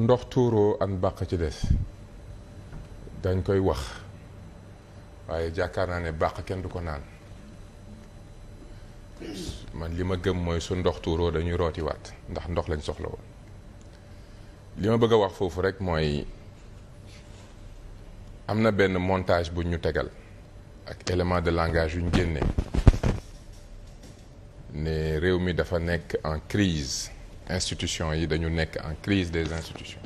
ndox tuuroo an bàq ci des dañ koy wax waaye jàkkaar naa ne bàq kenn du ko naan man li ma gëm mooy su ndox tuuroo dañuy rooti waat ndax ndox lañ soxla woon li ma bëgg a wax foofu rek mooy am na benn montage bu ñu tegal ak élément de langage yu génne ne réew mi dafa nekk en crise institutions yi dañu nekk en crise des institutions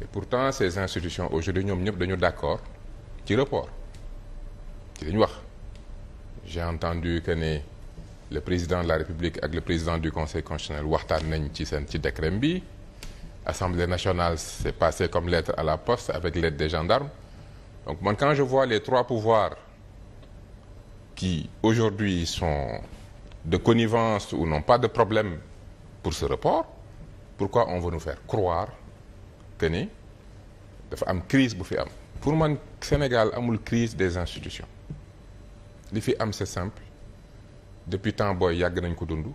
et pourtant ces institutions aujourd'hui ñoom ñëpp dañu d'accord ci report ci dañu wax j'ai entendu que ne le président de la République ak le président du Conseil constitutionnel waxtaan nañ ci sen ci décret bi Assemblée nationale s'est passé comme lettre à la poste avec l'aide des gendarmes donc man quand je vois les trois pouvoirs qui aujourd'hui sont de connivence ou n'ont pas de problème pour ce report pourquoi on veut nous faire croire que ni dafa am crise bu fi am pour man Sénégal amul crise des institutions li fi am c'est simple depuis temps booy yàgg nañ ko dund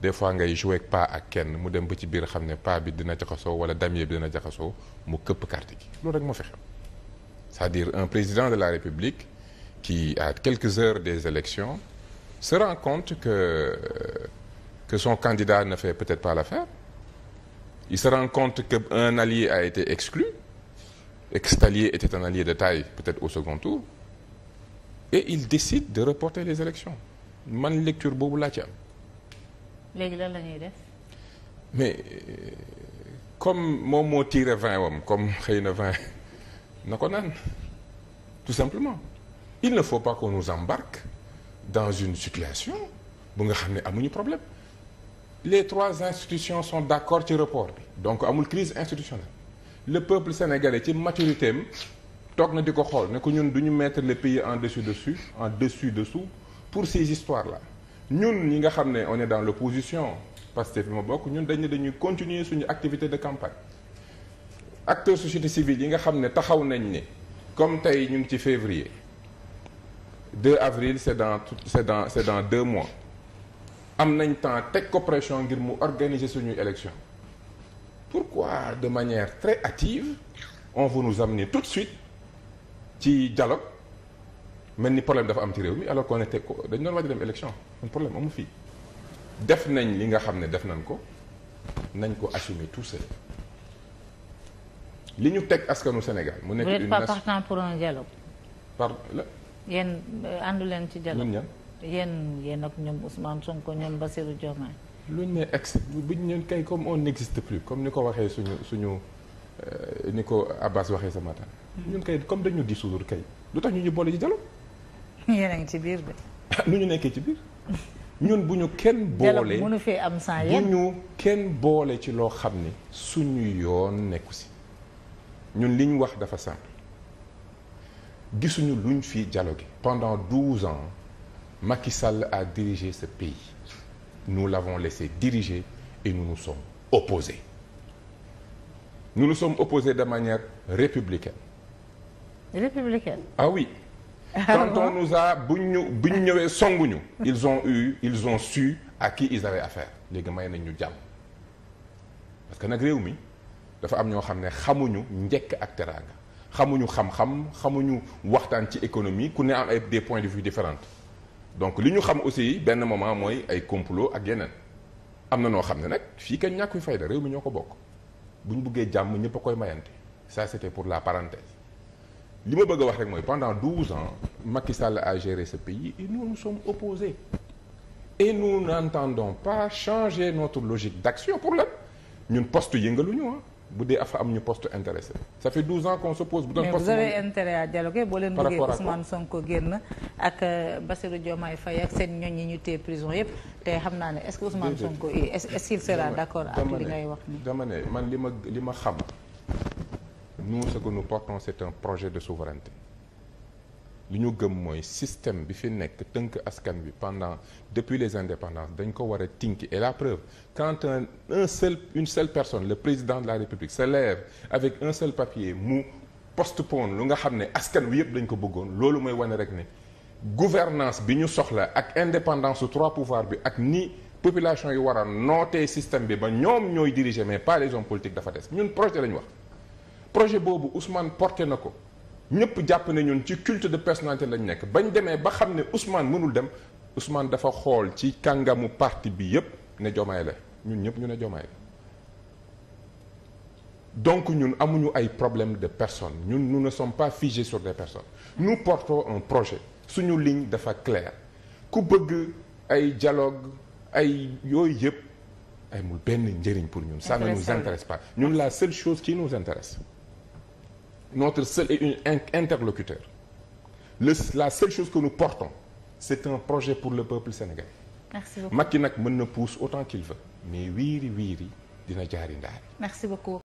des fois ngay jouer ak ak kenn mu dem ba ci biir xam ne pas bi dina jaxasoo wala damier bi dina jaxasoo mu këpp carte gi loolu rek moo fi xam c'est-à-dire un président de la République qui à quelques heures des élections se rend compte que, euh, que son candidat ne fait peut-être pas l'affaire. Il se rend compte qu'un allié a été exclu, et que cet allié était un allié de taille, peut-être au second tour, et il décide de reporter les élections. man lecture boobu laa ci mais euh, comme moom moo tiire vin comme xëy na vin na ko tout simplement il ne faut pas qu'on nous embarque dans une situation bu nga xam ne amuñu problème les trois institutions sont d'accord ci report bi donc amul crise institutionnelle le peuple sénégalais ci maturité am toog na di ko xool ne ko ñun du ñu mettre le pays en dessus dessus en dessus dessous pour ces histoires la ñun ñi nga xam ne on est dans l'opposition parce que fi ma bokk ñun dañ ne dañuy continuer suñu activité de campagne acteurs société civile yi nga xam ne taxaw nañ ni comme tey ñu ngi ci février 2 avril c'est dans c'est dans c'est dans deux mois am nañ temps teg ko pression ngir mu organiser suñuy élection pourquoi de manière très hâtive on veut nous tout de suite ci dialogue mel ni problème dafa am ci réew mi alors qu'on était ko dañ doon waaj dem élection un problème amu fii def nañ li nga xam ne def nañ ko nañ ko assumer tout seul li ñu teg askanu Sénégal mu nekk une nation pour un dialogue yéen eh, àndu leen ci dialogue ñun yéen yéen ak ñoom Ousmane Sonko ñoom Bassirou Diomaye. luñ ne ex buñ ñun kay comme on n'existe plus comme ni ko waxee suñu suñu eh, ni ko Abbas waxee ce matin. Hmm. ñun kay comme dañu dissoudre kay lu tax ñu ñu boole ci dialogue. yéen a ci biir de. nu ñu nekkee ci biir. ñun bu ñu kenn boole mënu fee am sans yéen bu ñu kenn boolee ci loo xam ni suñu yoon nekku si ñun li ñu wax dafa simple gisuñu luñ fi dialogué pendant douze ans Macky Sall a dirigé ce pays nous l'avons laissé diriger et nous nous sommes opposés nous nous sommes opposés de manière républicaine républicaine ah oui ah quand on bu ñu bu ñu ñëwee songuñu ils ont eu ils ont su à qui ils avaient affaire léegi may nañ ñu jàmm parce que nag réew mi dafa am ñoo xam ne xamuñu njëkk ak teraanga xamuñu xam-xam xamuñu waxtaan ci économie ku ne am ay de points de vue différents donc li ñu xam aussi benn moment mooy ay complot ak yeneen am na noo xam ne nag fii kenn ñàkkuy fayda réew mi ñoo ko bokk bu ñu buggee jàmm ñëpp a koy mayante ça c'était pour la parenthèse li ma bëgg a wax rek mooy pendant douze ans Macky Sall a géré ce pays et nous nous sommes opposés et nous n'entendons pas changer notre logique d'action pour lan ñun poste yëngaluñu bu dee afa am ñu poste intéressé ça fait 12 ans qu'on s'oppose bu doon poste mais vous avez intérêt à dialoguer boo leen bëggee Ousmane Sonko génn ak euh, Bassirou Diomaye Faye ak seen ñoñ yi ñu téye prison yëpp te xam naa ne est-ce que Ousmane Sonko est-ce ak li ngay wax ni dama ne man li ma li ma xam nous se que nous portons c'est un projet de souveraineté li ñu gëm mooy système bi fi nekk tënk askan bi pendant depuis les indépendances dañ ko war a tinki et la preuve quand un un seul une seule personne le président de la république se lève avec un seul papier mu postpone lu nga xam ne askan wi yëpp dañ ko bëggoon loolu mooy wane rek ni gouvernance bi ñu soxla ak indépendance su trois pouvoirs bi ak ni population yi war a nootee système bi ba ñoom ñooy diriger mais pas les hommes politiques dafa des ñun projet wax projet boobu Ousmane porté na ko ñëpp jàpp ne ñun ci culte de personnalité lañ nekk bañ demee ba xam ne Ousmane mënul dem Ousmane dafa xool ci kàngamu parti bi yépp ne Diomaye la ñun ñëpp ñu ne Diomaye la donc ñun amuñu ay problème de personne ñun nous ne sommes pas figés sur des personnes nu portons un projet suñu liñ dafa claire ku bëgg ay dialogue ay yooyu yëpp amul benn njëriñ pour ñun ça ne nous intéresse pas ñun la seule chose qui nous intéresse notre seul et unique interlocuteur le la seule chose que nous portons c'est un projet pour le peuple sénégalais. merci beaucoup Macky nag mën na pousse autant qu'il veut mais wiiri wiiri dina jaari ndaari. merci beaucoup.